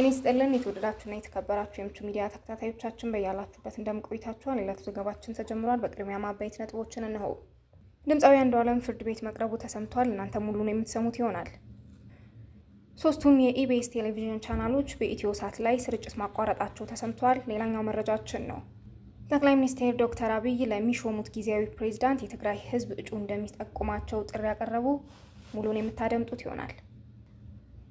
ጤና ይስጥልን የተወደዳችሁና የተከበራችሁ የምቹ ሚዲያ ተከታታዮቻችን በያላችሁበት እንደምን ቆይታችኋል? ዘገባችን ተጀምሯል። በቅድሚያ አበይት ነጥቦችን እንሆ። ድምፃዊ አንዷለም ፍርድ ቤት መቅረቡ ተሰምቷል። እናንተ ሙሉን የምትሰሙት ይሆናል። ሶስቱም የኢቢኤስ ቴሌቪዥን ቻናሎች በኢትዮ ሳት ላይ ስርጭት ማቋረጣቸው ተሰምቷል። ሌላኛው መረጃችን ነው። ጠቅላይ ሚኒስትር ዶክተር አብይ ለሚሾሙት ጊዜያዊ ፕሬዝዳንት የትግራይ ህዝብ እጩ እንደሚጠቁማቸው ጥሪ ያቀረቡ፣ ሙሉን የምታደምጡት ይሆናል።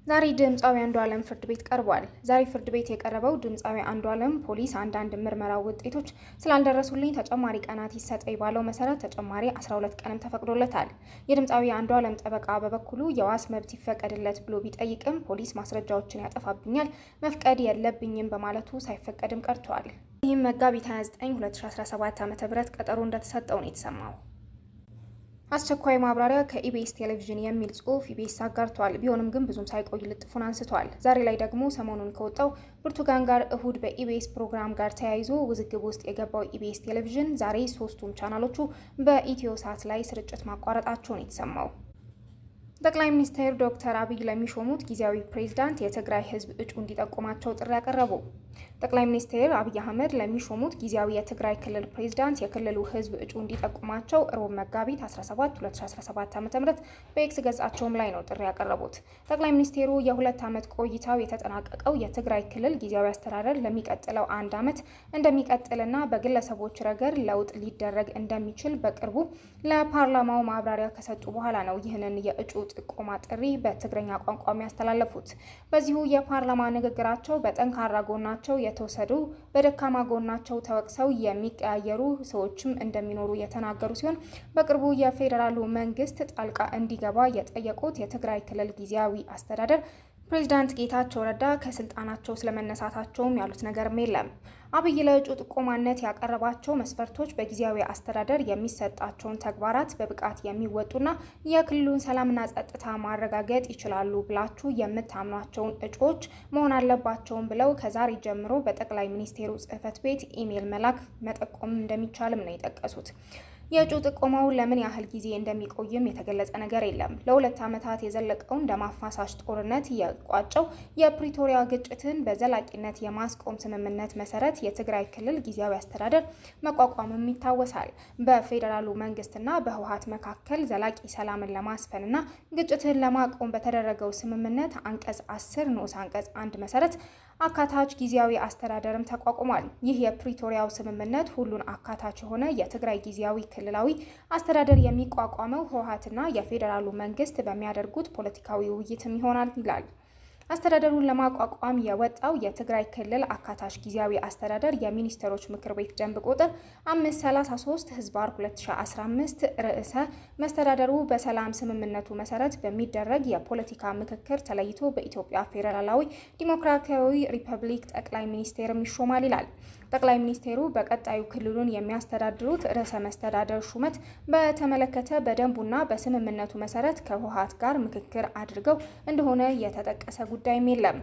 ዛሬ ድምፃዊ አንዷለም ፍርድ ቤት ቀርቧል። ዛሬ ፍርድ ቤት የቀረበው ድምፃዊ አንዷለም ፖሊስ አንዳንድ ምርመራ ውጤቶች ስላልደረሱልኝ ተጨማሪ ቀናት ይሰጠኝ ባለው መሰረት ተጨማሪ 12 ቀንም ተፈቅዶለታል። የድምፃዊ አንዷለም ጠበቃ በበኩሉ የዋስ መብት ይፈቀድለት ብሎ ቢጠይቅም ፖሊስ ማስረጃዎችን ያጠፋብኛል፣ መፍቀድ የለብኝም በማለቱ ሳይፈቀድም ቀርቷል። ይህም መጋቢት 29 2017 ዓ.ም ቀጠሮ እንደተሰጠው ነው የተሰማው። አስቸኳይ ማብራሪያ ከኢቢኤስ ቴሌቪዥን የሚል ጽሁፍ ኢቢኤስ አጋርቷል። ቢሆንም ግን ብዙም ሳይቆይ ልጥፉን አንስቷል። ዛሬ ላይ ደግሞ ሰሞኑን ከወጣው ብርቱካን ጋር እሁድ በኢቢኤስ ፕሮግራም ጋር ተያይዞ ውዝግብ ውስጥ የገባው ኢቢኤስ ቴሌቪዥን ዛሬ ሶስቱም ቻናሎቹ በኢትዮ ሳት ላይ ስርጭት ማቋረጣቸውን የተሰማው ጠቅላይ ሚኒስትር ዶክተር አብይ ለሚሾሙት ጊዜያዊ ፕሬዝዳንት የትግራይ ህዝብ እጩ እንዲጠቁማቸው ጥሪ ያቀረቡ ጠቅላይ ሚኒስትር አብይ አህመድ ለሚሾሙት ጊዜያዊ የትግራይ ክልል ፕሬዝዳንት የክልሉ ህዝብ እጩ እንዲጠቁማቸው ሮብ መጋቢት 17 2017 ዓ.ም በኤክስ ገጻቸውም ላይ ነው ጥሪ ያቀረቡት። ጠቅላይ ሚኒስቴሩ የሁለት ዓመት ቆይታው የተጠናቀቀው የትግራይ ክልል ጊዜያዊ አስተዳደር ለሚቀጥለው አንድ ዓመት እንደሚቀጥልና በግለሰቦች ረገድ ለውጥ ሊደረግ እንደሚችል በቅርቡ ለፓርላማው ማብራሪያ ከሰጡ በኋላ ነው ይህንን የእጩ ጥቆማ ጥሪ በትግረኛ ቋንቋ ያስተላለፉት። በዚሁ የፓርላማ ንግግራቸው በጠንካራ ጎናቸው ከስራቸው የተወሰዱ በደካማ ጎናቸው ተወቅሰው የሚቀያየሩ ሰዎችም እንደሚኖሩ የተናገሩ ሲሆን በቅርቡ የፌዴራሉ መንግስት ጣልቃ እንዲገባ የጠየቁት የትግራይ ክልል ጊዜያዊ አስተዳደር ፕሬዚዳንት ጌታቸው ረዳ ከስልጣናቸው ስለመነሳታቸውም ያሉት ነገርም የለም። አብይ ለእጩ ጥቆማነት ያቀረባቸው መስፈርቶች በጊዜያዊ አስተዳደር የሚሰጣቸውን ተግባራት በብቃት የሚወጡና የክልሉን ሰላምና ጸጥታ ማረጋገጥ ይችላሉ ብላችሁ የምታምኗቸውን እጩዎች መሆን አለባቸውም ብለው ከዛሬ ጀምሮ በጠቅላይ ሚኒስቴሩ ጽህፈት ቤት ኢሜይል መላክ መጠቆም እንደሚቻልም ነው የጠቀሱት። የእጩ ጥቆማው ለምን ያህል ጊዜ እንደሚቆይም የተገለጸ ነገር የለም። ለሁለት ዓመታት የዘለቀውን ደም አፋሳሽ ጦርነት የቋጨው የፕሪቶሪያ ግጭትን በዘላቂነት የማስቆም ስምምነት መሰረት የትግራይ ክልል ጊዜያዊ አስተዳደር መቋቋምም ይታወሳል። በፌዴራሉ መንግስትና በህወሀት መካከል ዘላቂ ሰላምን ለማስፈንና ግጭትን ለማቆም በተደረገው ስምምነት አንቀጽ 10 ንዑስ አንቀጽ 1 መሰረት አካታች ጊዜያዊ አስተዳደርም ተቋቁሟል። ይህ የፕሪቶሪያው ስምምነት ሁሉን አካታች የሆነ የትግራይ ጊዜያዊ ክልላዊ አስተዳደር የሚቋቋመው ህወሀትና የፌዴራሉ መንግስት በሚያደርጉት ፖለቲካዊ ውይይትም ይሆናል ይላል። አስተዳደሩን ለማቋቋም የወጣው የትግራይ ክልል አካታች ጊዜያዊ አስተዳደር የሚኒስትሮች ምክር ቤት ደንብ ቁጥር 533 ህዝባር 2015 ርዕሰ መስተዳደሩ በሰላም ስምምነቱ መሰረት በሚደረግ የፖለቲካ ምክክር ተለይቶ በኢትዮጵያ ፌዴራላዊ ዲሞክራሲያዊ ሪፐብሊክ ጠቅላይ ሚኒስቴርም ይሾማል ይላል። ጠቅላይ ሚኒስቴሩ በቀጣዩ ክልሉን የሚያስተዳድሩት ርዕሰ መስተዳደር ሹመት በተመለከተ በደንቡና በስምምነቱ መሰረት ከህወሓት ጋር ምክክር አድርገው እንደሆነ የተጠቀሰ ጉዳይም የለም።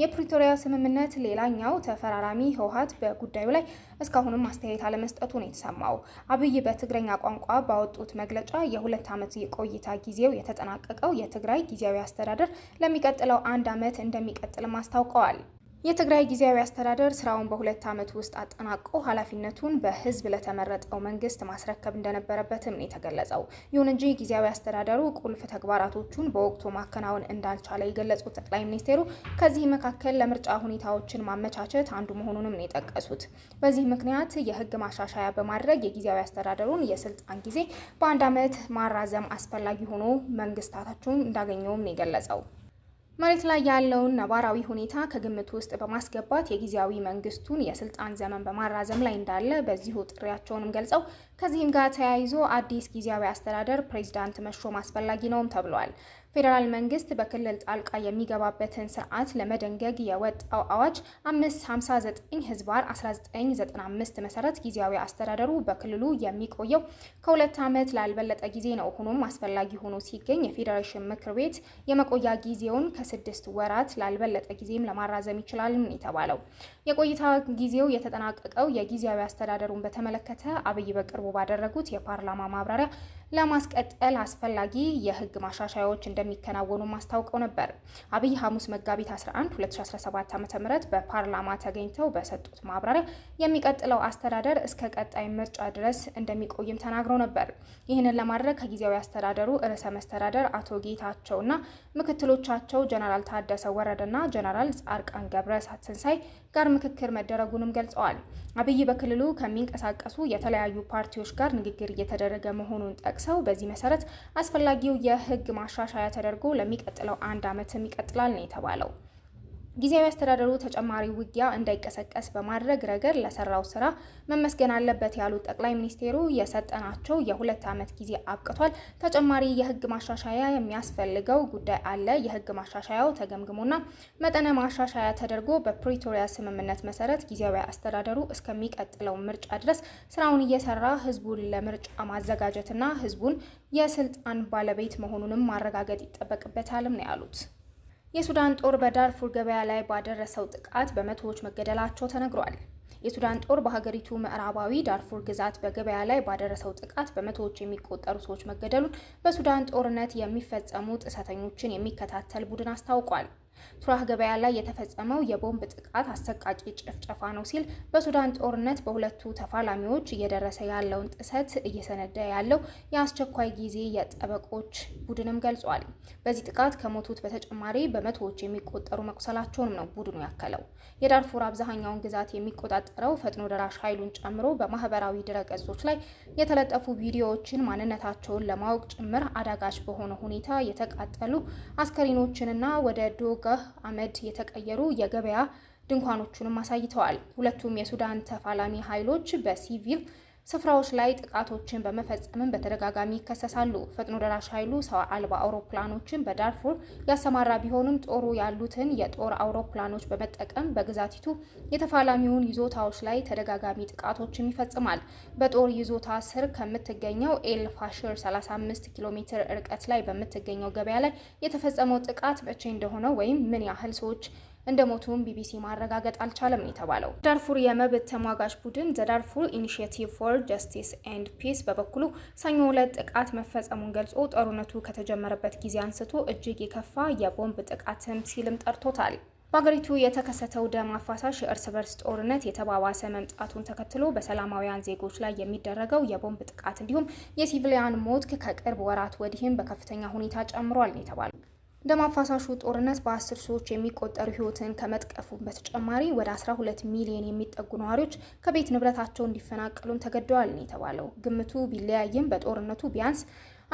የፕሪቶሪያ ስምምነት ሌላኛው ተፈራራሚ ህወሓት በጉዳዩ ላይ እስካሁንም አስተያየት አለመስጠቱ ነው የተሰማው። አብይ በትግረኛ ቋንቋ ባወጡት መግለጫ የሁለት ዓመት የቆይታ ጊዜው የተጠናቀቀው የትግራይ ጊዜያዊ አስተዳደር ለሚቀጥለው አንድ ዓመት እንደሚቀጥልም አስታውቀዋል። የትግራይ ጊዜያዊ አስተዳደር ስራውን በሁለት ዓመት ውስጥ አጠናቆ ኃላፊነቱን በህዝብ ለተመረጠው መንግስት ማስረከብ እንደነበረበትም ነው የተገለጸው። ይሁን እንጂ ጊዜያዊ አስተዳደሩ ቁልፍ ተግባራቶቹን በወቅቱ ማከናወን እንዳልቻለ የገለጹት ጠቅላይ ሚኒስቴሩ ከዚህ መካከል ለምርጫ ሁኔታዎችን ማመቻቸት አንዱ መሆኑንም ነው የጠቀሱት። በዚህ ምክንያት የህግ ማሻሻያ በማድረግ የጊዜያዊ አስተዳደሩን የስልጣን ጊዜ በአንድ ዓመት ማራዘም አስፈላጊ ሆኖ መንግስታታቸውን እንዳገኘውም ነው የገለጸው። መሬት ላይ ያለውን ነባራዊ ሁኔታ ከግምት ውስጥ በማስገባት የጊዜያዊ መንግስቱን የስልጣን ዘመን በማራዘም ላይ እንዳለ በዚሁ ጥሪያቸውንም ገልጸው ከዚህም ጋር ተያይዞ አዲስ ጊዜያዊ አስተዳደር ፕሬዚዳንት መሾም አስፈላጊ ነውም ተብሏል። ፌዴራል መንግስት በክልል ጣልቃ የሚገባበትን ስርዓት ለመደንገግ የወጣው አዋጅ 559 ህዝባር 1995 መሰረት ጊዜያዊ አስተዳደሩ በክልሉ የሚቆየው ከሁለት ዓመት ላልበለጠ ጊዜ ነው። ሆኖም አስፈላጊ ሆኖ ሲገኝ የፌዴሬሽን ምክር ቤት የመቆያ ጊዜውን ከስድስት ወራት ላልበለጠ ጊዜም ለማራዘም ይችላል የተባለው የቆይታ ጊዜው የተጠናቀቀው የጊዜያዊ አስተዳደሩን በተመለከተ አብይ በቅርቡ ባደረጉት የፓርላማ ማብራሪያ ለማስቀጠል አስፈላጊ የህግ ማሻሻያዎች እንደሚከናወኑ ማስታውቀው ነበር። አብይ ሐሙስ መጋቢት 11 2017 ዓ ም በፓርላማ ተገኝተው በሰጡት ማብራሪያ የሚቀጥለው አስተዳደር እስከ ቀጣይ ምርጫ ድረስ እንደሚቆይም ተናግረው ነበር። ይህንን ለማድረግ ከጊዜያዊ አስተዳደሩ ርዕሰ መስተዳደር አቶ ጌታቸውና ምክትሎቻቸው ጀነራል ታደሰ ወረደና ጀነራል ጻድቃን ገብረ ትንሳኤ ጋር ምክክር መደረጉንም ገልጸዋል። አብይ በክልሉ ከሚንቀሳቀሱ የተለያዩ ፓርቲዎች ጋር ንግግር እየተደረገ መሆኑን ጠቅሰው በዚህ መሰረት አስፈላጊው የህግ ማሻሻያ ተደርጎ ለሚቀጥለው አንድ ዓመትም ይቀጥላል ነው የተባለው። ጊዜያዊ አስተዳደሩ ተጨማሪ ውጊያ እንዳይቀሰቀስ በማድረግ ረገድ ለሰራው ስራ መመስገን አለበት ያሉት ጠቅላይ ሚኒስቴሩ የሰጠናቸው የሁለት ዓመት ጊዜ አብቅቷል። ተጨማሪ የህግ ማሻሻያ የሚያስፈልገው ጉዳይ አለ። የህግ ማሻሻያው ተገምግሞና መጠነ ማሻሻያ ተደርጎ በፕሪቶሪያ ስምምነት መሰረት ጊዜያዊ አስተዳደሩ እስከሚቀጥለው ምርጫ ድረስ ስራውን እየሰራ ህዝቡን ለምርጫ ማዘጋጀትና ህዝቡን የስልጣን ባለቤት መሆኑንም ማረጋገጥ ይጠበቅበታልም ነው ያሉት። የሱዳን ጦር በዳርፉር ገበያ ላይ ባደረሰው ጥቃት በመቶዎች መገደላቸው ተነግሯል። የሱዳን ጦር በሀገሪቱ ምዕራባዊ ዳርፉር ግዛት በገበያ ላይ ባደረሰው ጥቃት በመቶዎች የሚቆጠሩ ሰዎች መገደሉን በሱዳን ጦርነት የሚፈጸሙ ጥሰተኞችን የሚከታተል ቡድን አስታውቋል። ቱራህ ገበያ ላይ የተፈጸመው የቦምብ ጥቃት አሰቃቂ ጭፍጨፋ ነው ሲል በሱዳን ጦርነት በሁለቱ ተፋላሚዎች እየደረሰ ያለውን ጥሰት እየሰነዳ ያለው የአስቸኳይ ጊዜ የጠበቆች ቡድንም ገልጿል። በዚህ ጥቃት ከሞቱት በተጨማሪ በመቶዎች የሚቆጠሩ መቁሰላቸውንም ነው ቡድኑ ያከለው። የዳርፉር አብዛኛውን ግዛት የሚቆጣጠረው ፈጥኖ ደራሽ ኃይሉን ጨምሮ በማህበራዊ ድረገጾች ላይ የተለጠፉ ቪዲዮዎችን ማንነታቸውን ለማወቅ ጭምር አዳጋች በሆነ ሁኔታ የተቃጠሉ አስከሬኖችንና ወደ ዶጋ አመድ የተቀየሩ የገበያ ድንኳኖቹንም አሳይተዋል። ሁለቱም የሱዳን ተፋላሚ ኃይሎች በሲቪል ስፍራዎች ላይ ጥቃቶችን በመፈጸምም በተደጋጋሚ ይከሰሳሉ። ፈጥኖ ደራሽ ኃይሉ ሰው አልባ አውሮፕላኖችን በዳርፉር ያሰማራ ቢሆንም ጦሩ ያሉትን የጦር አውሮፕላኖች በመጠቀም በግዛቲቱ የተፋላሚውን ይዞታዎች ላይ ተደጋጋሚ ጥቃቶችን ይፈጽማል። በጦር ይዞታ ስር ከምትገኘው ኤል ፋሽር 35 ኪሎ ሜትር ርቀት ላይ በምትገኘው ገበያ ላይ የተፈጸመው ጥቃት መቼ እንደሆነ ወይም ምን ያህል ሰዎች እንደሞቱም ቢቢሲ ማረጋገጥ አልቻለም ነው የተባለው። ዳርፉር የመብት ተሟጋች ቡድን ዘዳርፉር ኢኒሽቲቭ ፎር ጃስቲስ ኤንድ ፒስ በበኩሉ ሰኞ ዕለት ጥቃት መፈጸሙን ገልጾ ጦርነቱ ከተጀመረበት ጊዜ አንስቶ እጅግ የከፋ የቦምብ ጥቃትም ሲልም ጠርቶታል። በሀገሪቱ የተከሰተው ደም አፋሳሽ የእርስ በርስ ጦርነት የተባባሰ መምጣቱን ተከትሎ በሰላማውያን ዜጎች ላይ የሚደረገው የቦምብ ጥቃት እንዲሁም የሲቪሊያን ሞት ከቅርብ ወራት ወዲህም በከፍተኛ ሁኔታ ጨምሯል ነው የተባለው። ደም አፋሳሹ ጦርነት በአስር ሰዎች የሚቆጠሩ ህይወትን ከመጥቀፉ በተጨማሪ ወደ 12 ሚሊዮን የሚጠጉ ነዋሪዎች ከቤት ንብረታቸው እንዲፈናቀሉም ተገደዋል ነው የተባለው። ግምቱ ቢለያይም በጦርነቱ ቢያንስ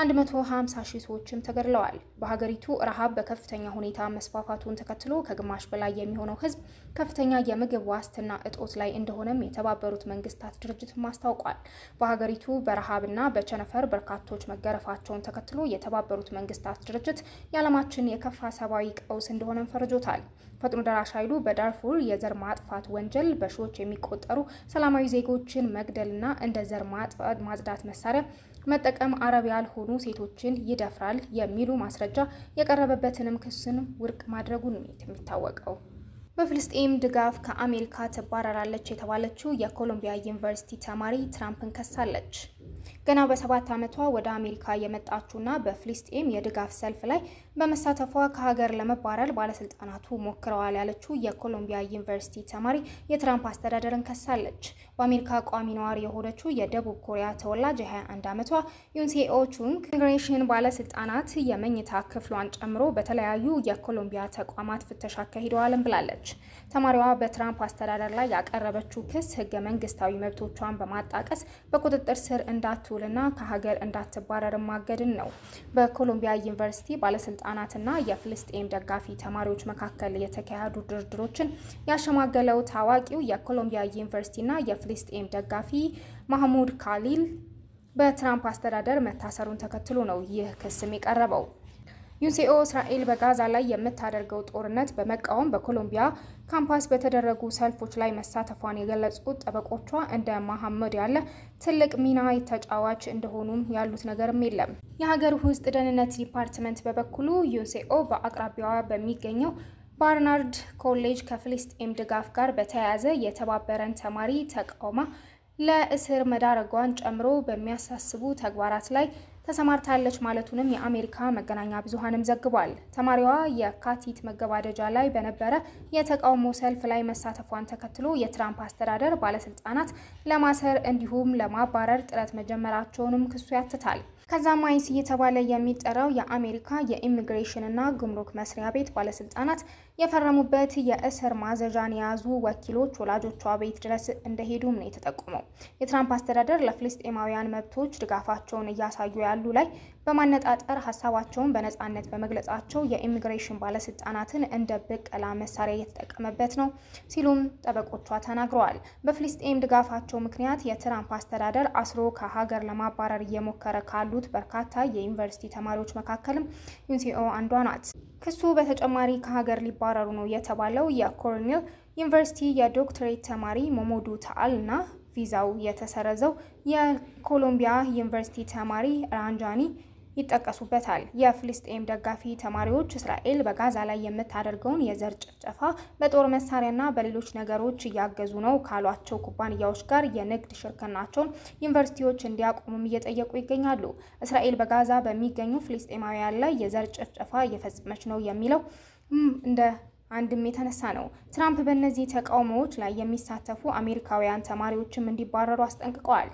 150 ሺህ ሰዎችም ተገድለዋል። በሀገሪቱ ረሃብ በከፍተኛ ሁኔታ መስፋፋቱን ተከትሎ ከግማሽ በላይ የሚሆነው ህዝብ ከፍተኛ የምግብ ዋስትና እጦት ላይ እንደሆነም የተባበሩት መንግስታት ድርጅት አስታውቋል። በሀገሪቱ በረሃብና በቸነፈር በርካቶች መገረፋቸውን ተከትሎ የተባበሩት መንግስታት ድርጅት የዓለማችን የከፋ ሰብአዊ ቀውስ እንደሆነም ፈርጆታል። ፈጥኖ ደራሽ ኃይሉ በዳርፉር የዘር ማጥፋት ወንጀል በሺዎች የሚቆጠሩ ሰላማዊ ዜጎችን መግደልና እንደ ዘር ማጽዳት መሳሪያ መጠቀም አረብ ያልሆኑ ሴቶችን ይደፍራል የሚሉ ማስረጃ የቀረበበትንም ክስን ውድቅ ማድረጉን የሚታወቀው። በፍልስጤም ድጋፍ ከአሜሪካ ትባረራለች የተባለችው የኮሎምቢያ ዩኒቨርሲቲ ተማሪ ትራምፕን ከሳለች። ገና በሰባት ዓመቷ ወደ አሜሪካ የመጣችውና በፍልስጤም የድጋፍ ሰልፍ ላይ በመሳተፏ ከሀገር ለመባረር ባለስልጣናቱ ሞክረዋል ያለችው የኮሎምቢያ ዩኒቨርሲቲ ተማሪ የትራምፕ አስተዳደርን ከሳለች። በአሜሪካ ቋሚ ነዋሪ የሆነችው የደቡብ ኮሪያ ተወላጅ የ21 ዓመቷ ዩንሴኦ ቹንግ ኢሚግሬሽን ባለስልጣናት የመኝታ ክፍሏን ጨምሮ በተለያዩ የኮሎምቢያ ተቋማት ፍተሻ አካሂደዋልን ብላለች። ተማሪዋ በትራምፕ አስተዳደር ላይ ያቀረበችው ክስ ህገ መንግስታዊ መብቶቿን በማጣቀስ በቁጥጥር ስር እንዳትውልና ከሀገር እንዳትባረር ማገድን ነው። በኮሎምቢያ ዩኒቨርሲቲ ባለስልጣ ባለስልጣናትና የፍልስጤም ደጋፊ ተማሪዎች መካከል የተካሄዱ ድርድሮችን ያሸማገለው ታዋቂው የኮሎምቢያ ዩኒቨርሲቲና የፍልስጤም ደጋፊ ማህሙድ ካሊል በትራምፕ አስተዳደር መታሰሩን ተከትሎ ነው ይህ ክስም የቀረበው። ዩሲኦ እስራኤል በጋዛ ላይ የምታደርገው ጦርነት በመቃወም በኮሎምቢያ ካምፓስ በተደረጉ ሰልፎች ላይ መሳተፏን የገለጹት ጠበቆቿ እንደ መሐመድ ያለ ትልቅ ሚና ተጫዋች እንደሆኑም ያሉት ነገርም የለም። የሀገር ውስጥ ደህንነት ዲፓርትመንት በበኩሉ ዩሲኦ በአቅራቢያዋ በሚገኘው ባርናርድ ኮሌጅ ከፍልስጤም ድጋፍ ጋር በተያያዘ የተባበረን ተማሪ ተቃውማ ለእስር መዳረጓን ጨምሮ በሚያሳስቡ ተግባራት ላይ ተሰማርታለች ማለቱንም የአሜሪካ መገናኛ ብዙሃንም ዘግቧል። ተማሪዋ የካቲት መገባደጃ ላይ በነበረ የተቃውሞ ሰልፍ ላይ መሳተፏን ተከትሎ የትራምፕ አስተዳደር ባለስልጣናት ለማሰር እንዲሁም ለማባረር ጥረት መጀመራቸውንም ክሱ ያትታል። ከዛም አይስ እየተባለ የሚጠራው የአሜሪካ የኢሚግሬሽንና ጉምሩክ መስሪያ ቤት ባለስልጣናት የፈረሙበት የእስር ማዘዣን የያዙ ወኪሎች ወላጆቿ ቤት ድረስ እንደሄዱም ነው የተጠቆመው። የትራምፕ አስተዳደር ለፍልስጤማውያን መብቶች ድጋፋቸውን እያሳዩ ያሉ ላይ በማነጣጠር ሀሳባቸውን በነፃነት በመግለጻቸው የኢሚግሬሽን ባለስልጣናትን እንደ ብቀላ መሳሪያ እየተጠቀመበት ነው ሲሉም ጠበቆቿ ተናግረዋል። በፍልስጤም ድጋፋቸው ምክንያት የትራምፕ አስተዳደር አስሮ ከሀገር ለማባረር እየሞከረ ካሉት በርካታ የዩኒቨርሲቲ ተማሪዎች መካከልም ዩንሲኦ አንዷ ናት። ክሱ በተጨማሪ ከሀገር ሊባረሩ ነው የተባለው የኮርኔል ዩኒቨርሲቲ የዶክትሬት ተማሪ ሞሞዱ ታአል እና ቪዛው የተሰረዘው የኮሎምቢያ ዩኒቨርሲቲ ተማሪ ራንጃኒ ይጠቀሱበታል። የፍልስጤም ደጋፊ ተማሪዎች እስራኤል በጋዛ ላይ የምታደርገውን የዘር ጭፍጨፋ በጦር መሳሪያና በሌሎች ነገሮች እያገዙ ነው ካሏቸው ኩባንያዎች ጋር የንግድ ሽርክናቸውን ዩኒቨርሲቲዎች እንዲያቆሙም እየጠየቁ ይገኛሉ። እስራኤል በጋዛ በሚገኙ ፍልስጤማውያን ላይ የዘር ጭፍጨፋ እየፈጸመች ነው የሚለው እንደ አንድም የተነሳ ነው። ትራምፕ በእነዚህ ተቃውሞዎች ላይ የሚሳተፉ አሜሪካውያን ተማሪዎችም እንዲባረሩ አስጠንቅቀዋል።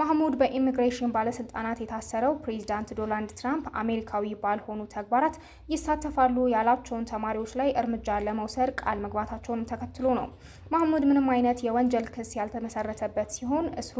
ማህሙድ በኢሚግሬሽን ባለስልጣናት የታሰረው ፕሬዚዳንት ዶናልድ ትራምፕ አሜሪካዊ ባልሆኑ ተግባራት ይሳተፋሉ ያላቸውን ተማሪዎች ላይ እርምጃ ለመውሰድ ቃል መግባታቸውን ተከትሎ ነው። ማህሙድ ምንም አይነት የወንጀል ክስ ያልተመሰረተበት ሲሆን እስሩ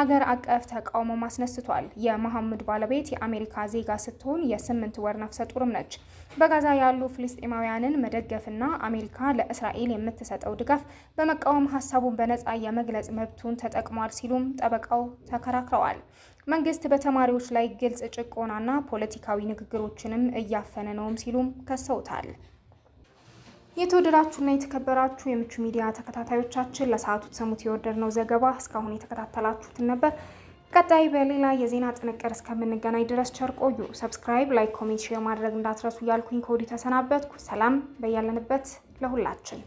አገር አቀፍ ተቃውሞ ማስነስቷል። የመሐመድ ባለቤት የአሜሪካ ዜጋ ስትሆን የስምንት ወር ነፍሰ ጡርም ነች። በጋዛ ያሉ ፍልስጤማውያንን መደገፍና አሜሪካ ለእስራኤል የምትሰጠው ድጋፍ በመቃወም ሀሳቡን በነጻ የመግለጽ መብቱን ተጠቅሟል ሲሉም ጠበቃው ተከራክረዋል። መንግስት በተማሪዎች ላይ ግልጽ ጭቆናና ፖለቲካዊ ንግግሮችንም እያፈነ ነውም ሲሉም ከሰውታል። የተወደዳችሁና የተከበራችሁ የምቹ ሚዲያ ተከታታዮቻችን ለሰዓቱ ሰሙት የወደድነው ዘገባ እስካሁን የተከታተላችሁትን ነበር። ቀጣይ በሌላ የዜና ጥንቅር እስከምንገናኝ ድረስ ቸር ቆዩ። ሰብስክራይብ፣ ላይክ፣ ኮሜንት፣ ሼር ማድረግ እንዳትረሱ እያልኩኝ ከወዲሁ ተሰናበትኩ። ሰላም በያለንበት ለሁላችን።